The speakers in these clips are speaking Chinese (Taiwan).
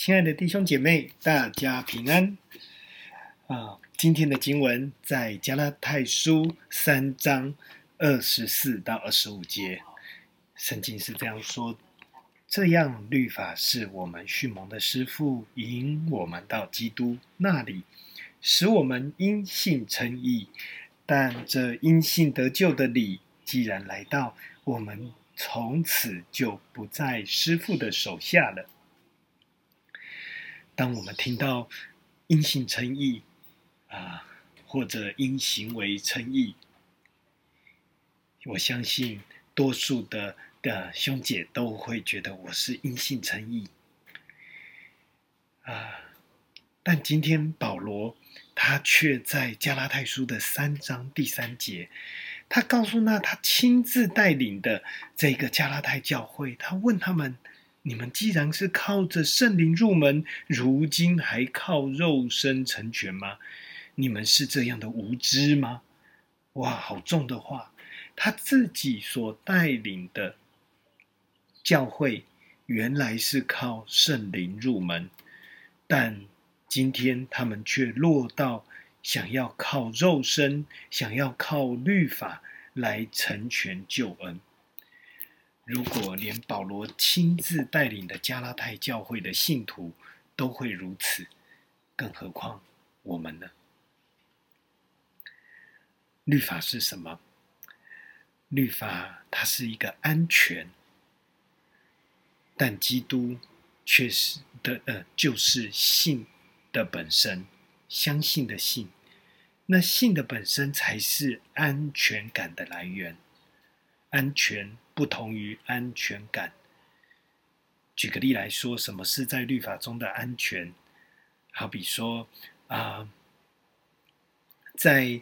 親愛的弟兄姐妹，大家平安！啊，今天的經文在《加拉太書》三章二十四到二十五節，聖經是這樣說：這樣律法是我們訓蒙的師傅，引我們到基督那裡，使我們因信稱義；但這因信得救的理既然來到，我們從此就不在師傅的手下了。當我們聽到因信稱義啊，或者因行為稱義，我相信多數的的、呃、兄姐都會覺得我是因信稱義啊。但今天保羅他卻在加拉太書的三章第三節，他告訴那他親自帶領的這個加拉太教會，他問他們。你們既然是靠着聖靈入門，如今還靠肉身成全嗎？你們是這樣的無知嗎？哇，好重的話！他自己所帶領的教會，原來是靠聖靈入門，但今天他們卻落到想要靠肉身、想要靠律法來成全救恩。如果連保羅親自帶領的加拉太教會的信徒都會如此，更何況我們呢？律法是什麼？律法它是一個安全，但基督卻是的呃，就是信的本身，相信的信，那信的本身才是安全感的來源。安全不同於安全感。舉個例來說，什麼是在律法中的安全？好比說，啊、呃，在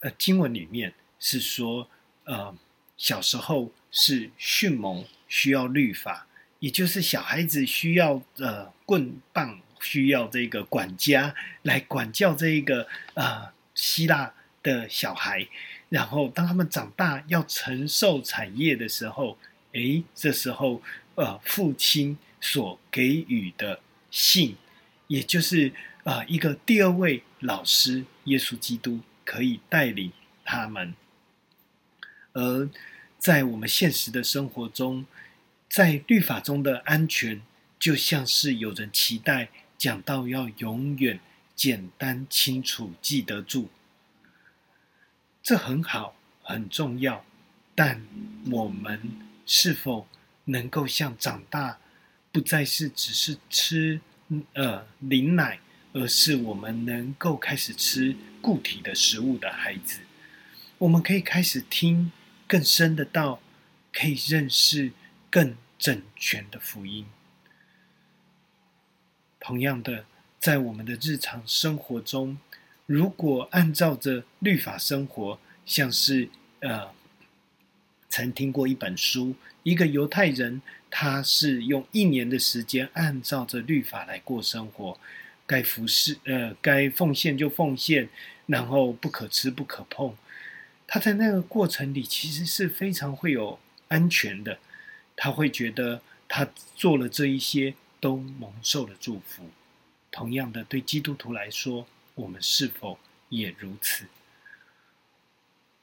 呃經文裡面是說，呃，小時候是訓蒙需要律法，也就是小孩子需要呃棍棒，需要這個管家來管教這個啊、呃、希臘的小孩。然後，當他們長大要承受產業的時候，哎，這時候，呃，父親所給予的信，也就是啊、呃，一個第二位老師耶穌基督可以帶領他們。而在我們現實的生活中，在律法中的安全，就像是有人期待講到要永遠簡單清楚記得住。這很好，很重要，但我們是否能夠像長大，不再是只是吃呃靈奶，而是我們能夠開始吃固體的食物的孩子，我們可以開始聽更深的道，可以認識更整全的福音。同樣的，在我們的日常生活中。如果按照着律法生活，像是呃，曾聽過一本書，一個猶太人，他是用一年的時間按照着律法來過生活，該服侍呃該奉獻就奉獻，然後不可吃不可碰。他在那個過程裡其實是非常會有安全的，他會覺得他做了這一些都蒙受了祝福。同樣的，對基督徒來說。我們是否也如此？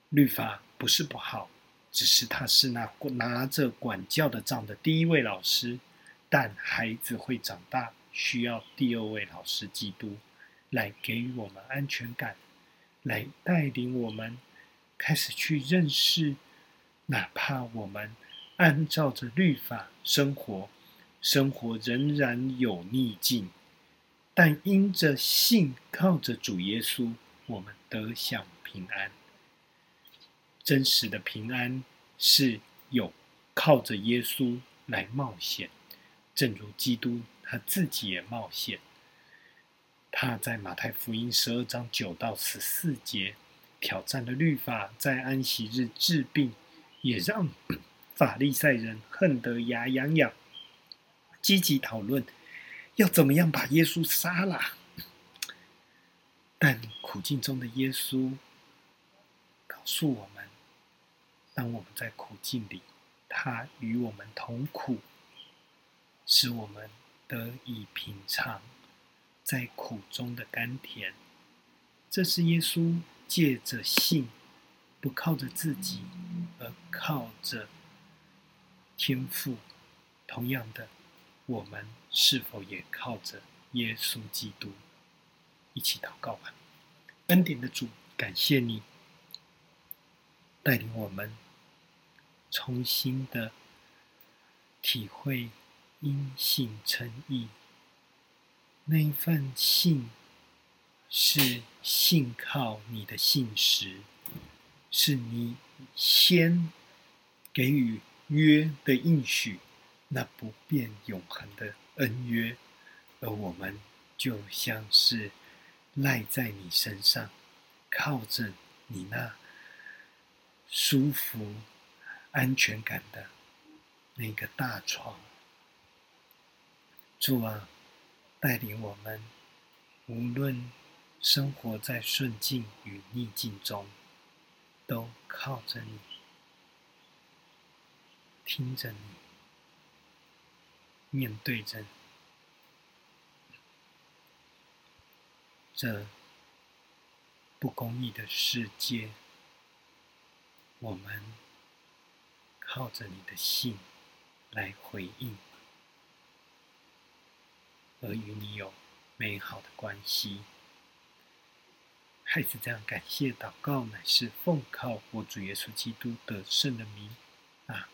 律法不是不好，只是他是那拿，拿着管教的杖的第一位老師，但孩子會長大，需要第二位老師基督來給予我們安全感，來帶領我們開始去認識，哪怕我們按照着律法生活，生活仍然有逆境。但因着信，靠着主耶穌，我們得享平安。真實的平安是有靠着耶穌來冒險，正如基督他自己也冒險。他在馬太福音十二章九到十四節挑戰的律法，在安息日治病，也讓法利賽人恨得牙癢癢。積極討論。要怎麼樣把耶穌殺了？但苦境中的耶穌告訴我們：當我們在苦境裡，他與我們同苦，使我們得以品嘗在苦中的甘甜。這是耶穌借着信，不靠着自己，而靠着天父。同樣的。我們是否也靠着耶穌基督？一起禱告吧。恩典的主，感謝你帶領我們重新的體會因信稱義那一份信，是信靠你的信實，是你先給予約的應許。那不變永恆的恩約，而我們就像是賴在你身上，靠着你那舒服、安全感的那個大床。主啊，帶領我們，無論生活在順境與逆境中，都靠着你，聽着你。面對着這不公義的世界，我們靠着你的信來回應，而與你有美好的關係。孩子這樣，感謝禱告乃是奉靠我主耶穌基督得勝的聖名啊，阿